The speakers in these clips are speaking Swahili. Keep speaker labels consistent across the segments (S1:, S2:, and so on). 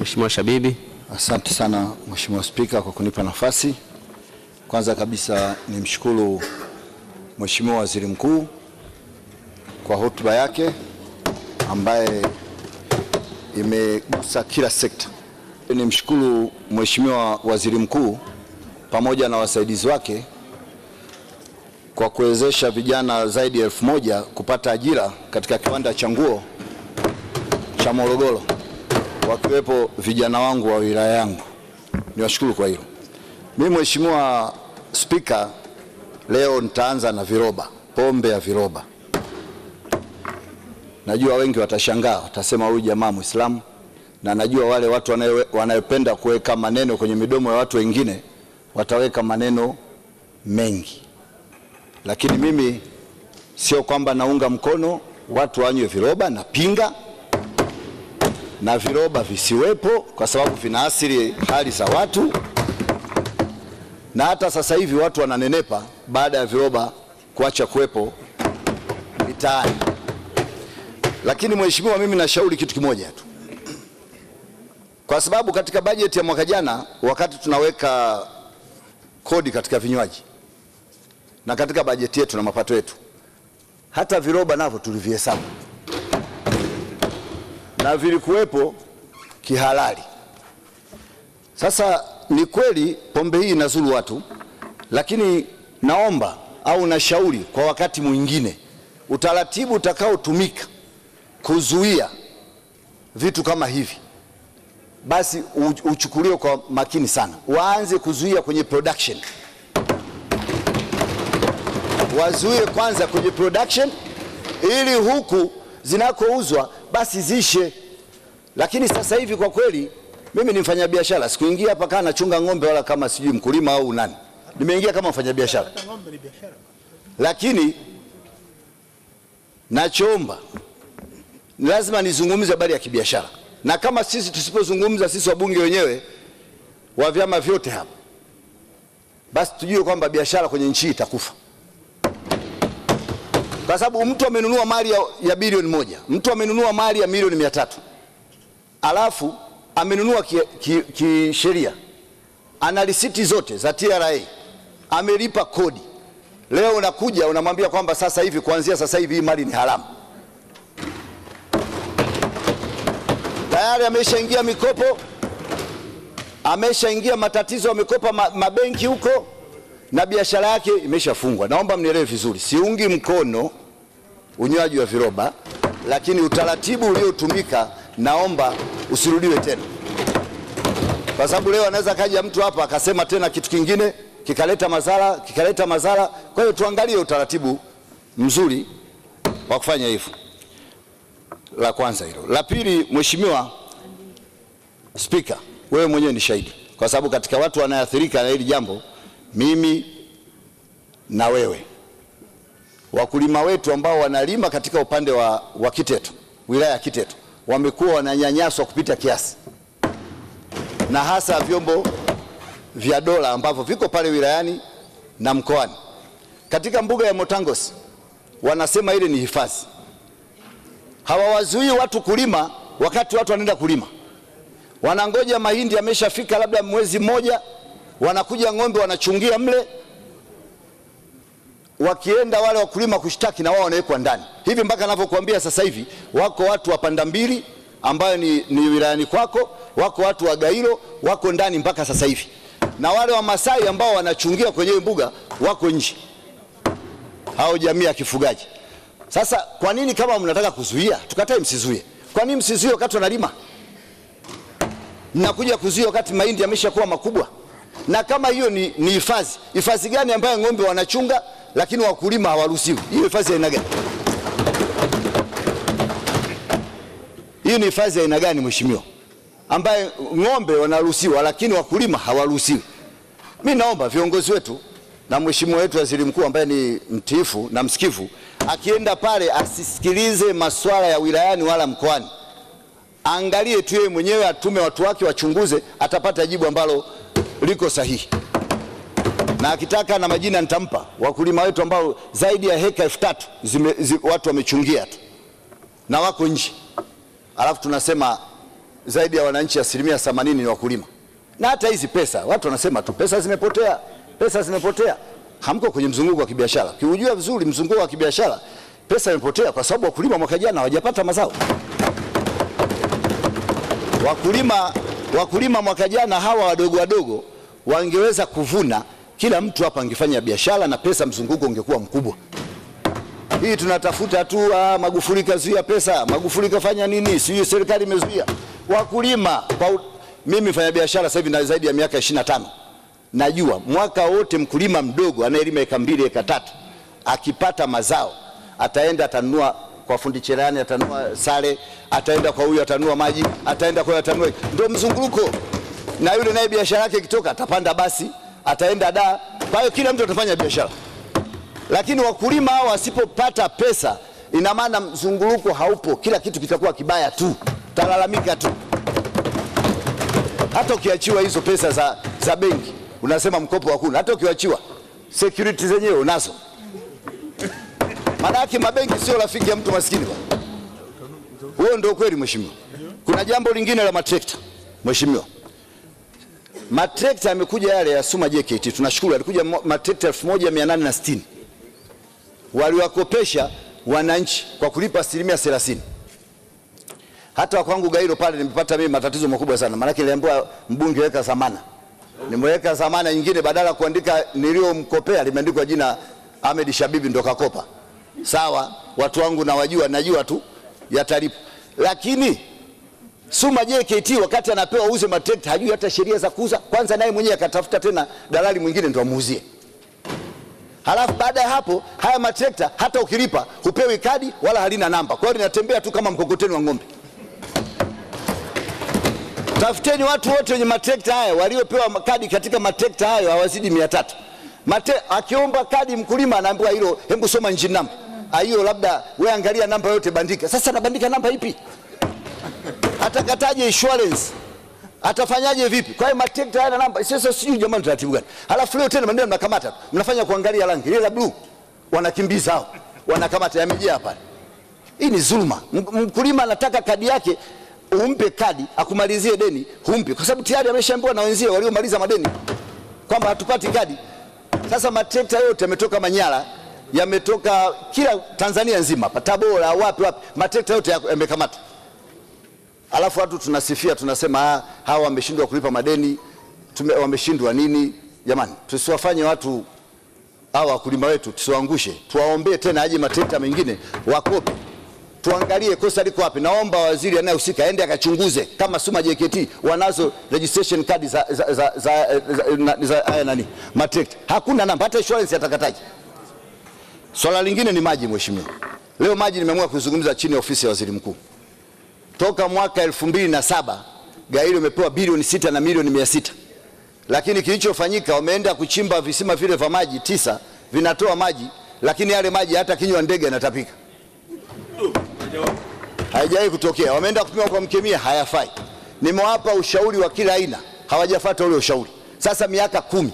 S1: Mheshimiwa Shabibi.
S2: Asante sana Mheshimiwa Spika kwa kunipa nafasi. Kwanza kabisa nimshukuru Mheshimiwa Waziri Mkuu kwa hotuba yake ambaye imegusa kila sekta. Nimshukuru Mheshimiwa Waziri Mkuu pamoja na wasaidizi wake kwa kuwezesha vijana zaidi ya elfu moja kupata ajira katika kiwanda cha nguo cha Morogoro wakiwepo vijana wangu wa wilaya yangu, niwashukuru kwa hilo. Mimi Mheshimiwa Spika, leo nitaanza na viroba, pombe ya viroba. Najua wengi watashangaa, watasema huyu jamaa Muislamu, na najua wale watu wanayopenda kuweka maneno kwenye midomo ya watu wengine wataweka maneno mengi, lakini mimi sio kwamba naunga mkono watu wanywe viroba, napinga na viroba visiwepo, kwa sababu vinaathiri hali za watu, na hata sasa hivi watu wananenepa baada ya viroba kuacha kuwepo mitaani. Lakini mheshimiwa, mimi nashauri kitu kimoja tu, kwa sababu katika bajeti ya mwaka jana, wakati tunaweka kodi katika vinywaji na katika bajeti yetu na mapato yetu, hata viroba navyo tulivihesabu na vilikuwepo kihalali. Sasa ni kweli pombe hii inazuru watu, lakini naomba au nashauri kwa wakati mwingine utaratibu utakaotumika kuzuia vitu kama hivi basi uchukuliwe kwa makini sana. Waanze kuzuia kwenye production, wazuie kwanza kwenye production, ili huku zinakouzwa basi zishe. Lakini sasa hivi kwa kweli, mimi ni mfanyabiashara, sikuingia hapa kama nachunga ng'ombe wala kama sijui mkulima au nani, nimeingia kama mfanyabiashara. Lakini nachoomba lazima nizungumze habari ya kibiashara, na kama sisi tusipozungumza sisi wabunge wenyewe wa vyama vyote hapa, basi tujue kwamba biashara kwenye nchi itakufa kwa sababu mtu amenunua mali ya, ya bilioni moja, mtu amenunua mali ya milioni mia tatu alafu amenunua kisheria ki, ki ana risiti zote za TRA, amelipa kodi. Leo unakuja unamwambia kwamba sasa hivi, kuanzia sasa hivi hii mali ni haramu. Tayari ameshaingia mikopo, ameshaingia matatizo, amekopa mabenki huko na biashara yake imeshafungwa. Naomba mnielewe vizuri, siungi mkono unywaji wa viroba, lakini utaratibu uliotumika naomba usirudiwe tena, kwa sababu leo anaweza kaja mtu hapa akasema tena kitu kingine kikaleta madhara kikaleta madhara. Kwa hiyo tuangalie utaratibu mzuri wa kufanya hivyo. La kwanza hilo. La pili, Mheshimiwa Spika, wewe mwenyewe ni shahidi, kwa sababu katika watu wanaathirika na hili jambo mimi na wewe wakulima wetu ambao wanalima katika upande wa, wa Kiteto, wilaya ya Kiteto wamekuwa wananyanyaswa kupita kiasi, na hasa vyombo vya dola ambavyo viko pale wilayani na mkoani. Katika mbuga ya Motangos wanasema ile ni hifadhi, hawawazuii watu kulima wakati watu wanaenda kulima wanangoja mahindi yameshafika labda mwezi mmoja, wanakuja ng'ombe wanachungia mle wakienda wale wakulima kushtaki na wao wanawekwa ndani hivi. Mpaka anavyokuambia sasa hivi wako watu wa mbili ambayo ni, ni wilayani kwako, wako watu wa Gairo wako ndani mpaka sasa hivi, na wale wa Masai ambao wanachungia kwenye mbuga wako nje, hao jamii ya kifugaji. Sasa kwa nini kama mnataka kuzuia, tukatae msizuie? Kwa nini msizuie wakati wanalima? Mnakuja kuzuia wakati mahindi yameshakuwa makubwa? Na kama hiyo ni hifadhi, hifadhi gani ambayo ng'ombe wanachunga lakini wakulima hawaruhusiwi. Hiyo hifadhi ya aina gani? Hiyo ni hifadhi ya aina gani mheshimiwa, ambaye ng'ombe wanaruhusiwa lakini wakulima hawaruhusiwi? mi naomba viongozi wetu na mheshimiwa wetu waziri mkuu ambaye ni mtiifu na msikivu, akienda pale asisikilize masuala ya wilayani wala mkoani, angalie tu yeye mwenyewe, atume watu wake wachunguze, atapata jibu ambalo liko sahihi na akitaka na majina nitampa wakulima wetu ambao zaidi ya heka elfu tatu zi, watu wamechungia tu na wako nje, alafu tunasema zaidi ya wananchi asilimia themanini ni wakulima. Na hata hizi pesa watu wanasema tu pesa zimepotea, pesa zimepotea. Hamko kwenye mzunguko wa kibiashara. Kiujua vizuri mzunguko wa kibiashara, pesa imepotea kwa sababu wakulima mwaka jana hawajapata mazao. Wakulima, wakulima mwaka jana hawa wadogo wadogo wangeweza kuvuna kila mtu hapa angefanya biashara na pesa mzunguko ungekuwa mkubwa. Hii tunatafuta tu ah, Magufuli kazuia pesa, Magufuli kafanya nini, sijui serikali imezuia wakulima. Kwa mimi fanya biashara sasa hivi na zaidi ya miaka 25 najua mwaka wote mkulima mdogo anayelima eka mbili eka tatu akipata mazao ataenda atanunua kwa fundi cherani, atanunua sare, ataenda kwa huyu atanunua maji, ataenda kwa huyu atanunua, ndio mzunguko. Na yule naye biashara yake ikitoka atapanda basi ataenda da. Kwa hiyo kila mtu atafanya biashara, lakini wakulima hao wasipopata pesa, ina maana mzunguruko haupo, kila kitu kitakuwa kibaya tu, talalamika tu. Hata ukiachiwa hizo pesa za, za benki unasema mkopo hakuna, hata ukiachiwa security zenyewe unazo. Maana yake mabenki sio rafiki ya mtu maskini. Huo ndio kweli mheshimiwa. Kuna jambo lingine la matrekta mheshimiwa matrekta yamekuja yale ya Suma JKT, tunashukuru alikuja matrekta 1860 waliwakopesha wananchi kwa kulipa asilimia 30. Hata kwangu Gairo pale nimepata mimi matatizo makubwa sana, maanake niliambiwa mbunge weka samana, nimeweka samana nyingine, badala kuandika niliyomkopea limeandikwa jina Ahmed Shabibi ndo kakopa. Sawa, watu wangu nawajua, najua tu yatalipa, lakini Suma JKT wakati anapewa uze matrekta hajui hata sheria za kuuza kwanza, naye mwenyewe akatafuta tena dalali mwingine ndo amuuzie. Halafu baada ya hapo haya matrekta hata ukilipa hupewi kadi wala halina namba, kwa hiyo linatembea tu kama mkokoteni wa ng'ombe. Tafuteni watu wote wenye matrekta haya waliopewa kadi katika matrekta hayo hawazidi mia tatu. Akiomba kadi mkulima anaambiwa hilo, hebu soma engine number hiyo, labda wewe angalia namba yote bandika. Sasa nabandika namba ipi? atakataje insurance atafanyaje vipi? Kwa hiyo matrekta na namba. Sasa sijui jamani, taratibu gani? Halafu leo tena mandio mnakamata, mnafanya kuangalia rangi ile la blue, wanakimbiza hao, wanakamata yameje hapa. Hii ni dhuluma. Mkulima anataka kadi yake umpe kadi akumalizie deni, humpe. kwa sababu tayari ameshaambiwa na wenzie waliomaliza madeni kwamba hatupati kadi. Sasa matrekta yote yametoka Manyara, yametoka kila Tanzania nzima hapa, Tabora, wapi wapi, matrekta yote yamekamata alafu watu tunasifia tunasema ah, hawa wameshindwa kulipa madeni, wameshindwa nini? Jamani, tusiwafanye watu hawa wakulima wetu, tusiwaangushe. Tuwaombee tena aje matrekta mengine wakope, tuangalie kosa liko wapi. Naomba waziri anayehusika aende akachunguze kama SUMA JKT wanazo registration card za, za, za, za, za, za za, za, haya nani matrekta. Hakuna namba, hata insurance atakataje. Swala lingine ni maji, mheshimiwa. Leo maji nimeamua kuzungumza chini ya ofisi ya waziri mkuu toka mwaka elfu mbili na saba Gairo imepewa bilioni sita na milioni mia sita lakini kilichofanyika wameenda kuchimba visima vile vya maji tisa vinatoa maji, lakini yale maji hata kinywa ndege yanatapika. Haijawahi kutokea. Wameenda kupima kwa mkemia, hayafai. Nimewapa ushauri wa kila aina, hawajafuata ule ushauri. Sasa miaka kumi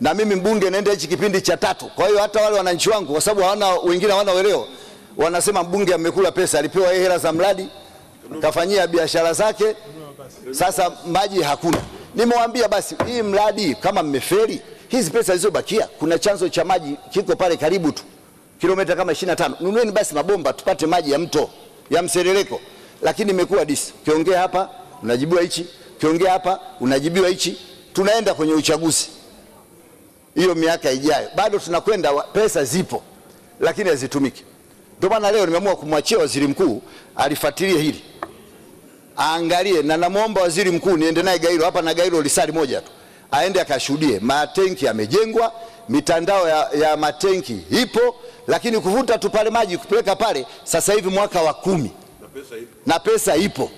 S2: na mimi mbunge naenda hichi kipindi cha tatu. Kwa hiyo hata wale wananchi wangu, kwa sababu hawana wengine hawana uelewa, wanasema mbunge amekula pesa, alipewa hela za mradi kafanyia biashara zake, sasa maji hakuna. Nimewambia basi, hii mradi kama mmeferi, hizi pesa zilizobakia, kuna chanzo cha maji kiko pale karibu tu, kilomita kama 25. Nunueni basi mabomba tupate maji ya mto ya mserereko. Lakini imekuwa disi, ukiongea hapa unajibiwa hichi, ukiongea hapa unajibiwa hichi. Tunaenda kwenye uchaguzi hiyo miaka ijayo, bado tunakwenda, pesa zipo lakini hazitumiki. Ndio maana leo nimeamua kumwachia waziri mkuu alifuatilie hili aangalie, na namwomba waziri mkuu niende naye Gairo hapa na Gairo lisali moja tu, aende akashuhudie matenki yamejengwa, mitandao ya, ya matenki ipo, lakini kuvuta tu pale maji kupeleka pale sasa hivi mwaka wa kumi na pesa ipo,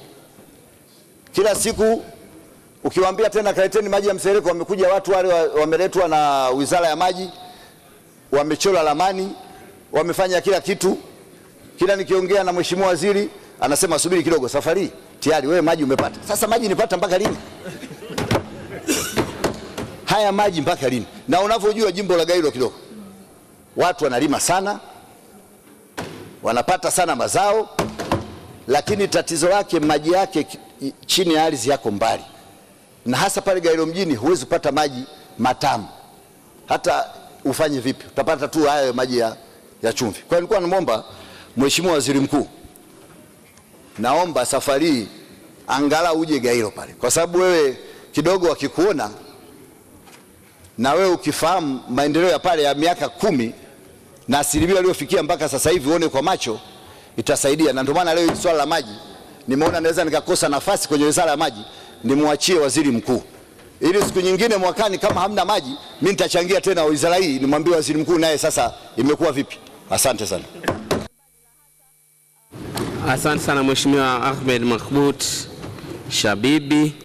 S2: Kila siku ukiwaambia tena kaleteni maji ya msereko, wamekuja watu wale wameletwa na wizara ya maji, wamechora ramani, wamefanya kila kitu. Kila nikiongea na mheshimiwa waziri anasema subiri kidogo, safari tayari wewe maji umepata. Sasa maji nipata mpaka lini? Haya maji mpaka lini? Na unavyojua jimbo la Gairo kidogo, watu wanalima sana, wanapata sana mazao, lakini tatizo lake maji yake chini ya ardhi yako mbali, na hasa pale Gairo mjini huwezi kupata maji matamu, hata ufanye vipi, utapata tu hayo maji ya, ya chumvi. Kwa hiyo nilikuwa namwomba Mheshimiwa Waziri Mkuu naomba safari hii angalau uje Gairo pale, kwa sababu wewe kidogo wakikuona na wewe ukifahamu maendeleo ya pale ya miaka kumi na asilimia waliofikia mpaka sasa hivi, uone kwa macho, itasaidia. Na ndio maana leo swala la maji nimeona naweza nikakosa nafasi kwenye wizara ya maji, nimwachie waziri mkuu, ili siku nyingine mwakani kama hamna maji, mimi nitachangia tena wizara hii, nimwambie waziri mkuu naye sasa imekuwa vipi. Asante sana.
S1: Asante sana Mheshimiwa Ahmed Mahmud Shabibi